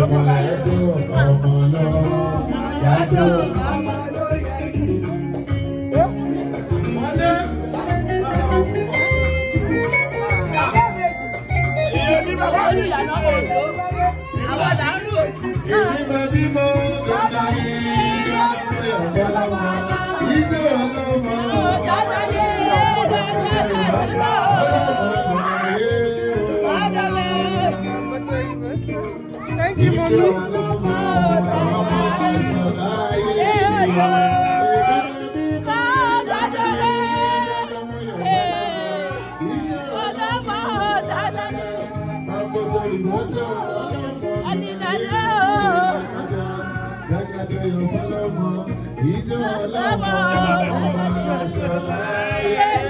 ọmọ ẹ̀dùn ọmọ ìjọ ọlọ́mọ ọlọ́mọ ṣọlá yẹn.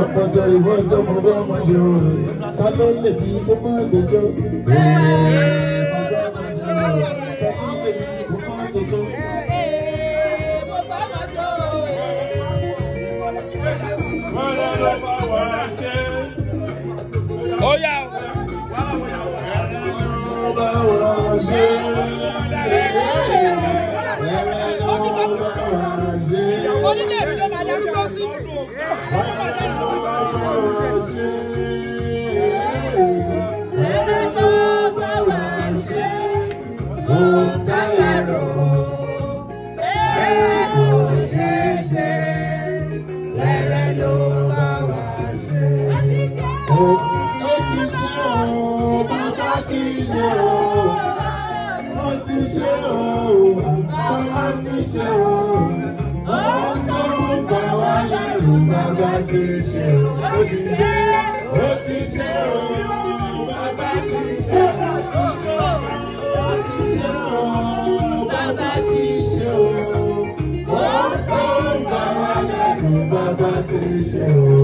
Àpọ̀jọ ìwọ sọ́kùnrin ọmọdé o, ká ló lè kí kó má dojọ́. Ó yá o. Onílé mi ló máa darúgbó sí ṣe o, bàbá ti ṣe bàbá ti ṣe o ó ti ṣe ó o ó ti ṣe o bàbá ti